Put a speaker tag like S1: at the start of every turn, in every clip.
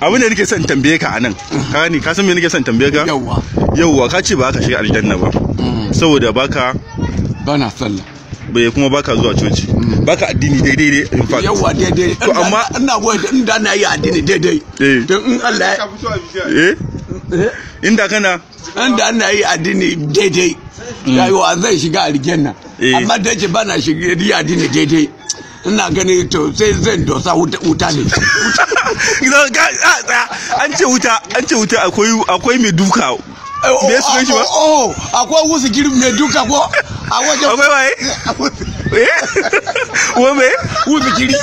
S1: abin da nake son tambaye ka anan ka ni ka san me nake son tambaye ka yawwa yawwa ka ce ba ka shiga aljanna ba mm. saboda baka bana sallah bai kuma baka zuwa coci mm. baka addini daidai dai in fact yawa daidai to amma ina goyi da inda na yi addini daidai eh. don in Allah eh? eh inda kana inda na yi addini daidai mm. rayuwa zai shiga aljanna eh. amma dace ce bana shiga addini daidai ina gani to sai zan dosa wuta ne an ce wuta an ce wuta akwai akwai mai duka eh, me su shi ba oh, oh, oh, akwai wusu girin mai duka ko a wajen akwai waye eh? wo me wusu girin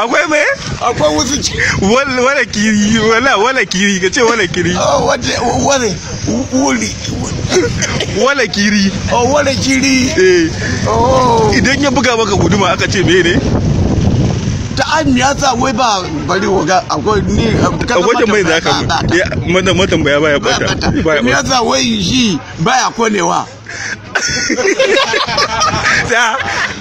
S1: akwai mai akwai wasu wala kiri wala wala kiri ka ce wala kiri oh, wala wuri wala kiri oh, wala kiri eh. oh. idan ya buga maka guduma aka ce me ne ta an ya sa wai ba bari waga akwai ni eh, akwai da mai zaka mu mata matambaya baya bata ya sa wai shi baya konewa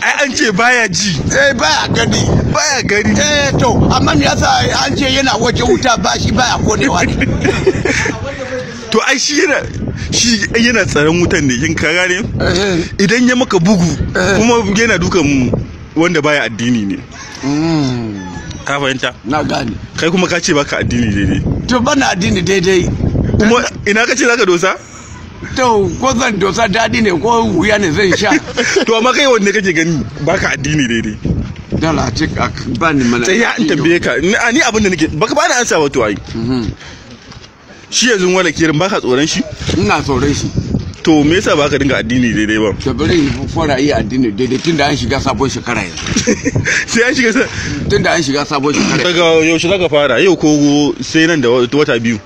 S1: ai an ce baya ji eh baya gani baya gani eh to amma me yasa an ce yana waje wuta ba shi baya konewa ne to ai shi yana shi yana tsaron wutan ne kin kaga ne eh. idan ya maka bugu eh. kuma yana dukan wanda baya addini ne hmm. ka fahimta na gane kai kuma ka ce baka addini daidai to bana addini daidai kuma ina ka ce zaka dosa to ko zan dosa daɗi ne ko wuya ne zan sha to amma kai wanne kake gani baka addini daidai dala ce ba ni mana tsaya in tambaye ka ni abin da nake baka ba ni ansa wato ai mhm. shi yanzu wala kirin baka tsoron shi ina tsoron shi to me yasa baka dinga addini daidai ba to bari in fara yi addini daidai tunda an shiga sabon shekara yanzu sai an shiga tunda an shiga sabon shekara daga shi zaka fara yau ko sai nan da wata biyu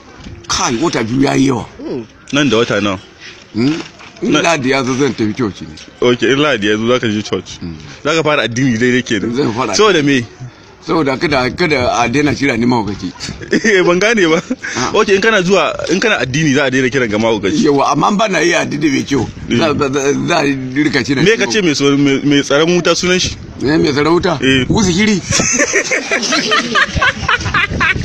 S1: kai wata biyu ya yi yawa hmm. nan da wata nawa hmm? in ladi ya zo zan tafi coci ne ok in ladi ya zo zaka je church hmm. za ka fara addini daidai ke da zan fara saboda me saboda kada kada a daina kira ni mahaukaci eh ban gane ba ah. ok in kana zuwa in kana addini za a daina kiran ga mahaukaci yawa amma ba na yi addini mai kyau eh. za a rika kira me ka ce mai tsaron wuta sunan shi ne eh, mai tsaron wuta eh wuzi kiri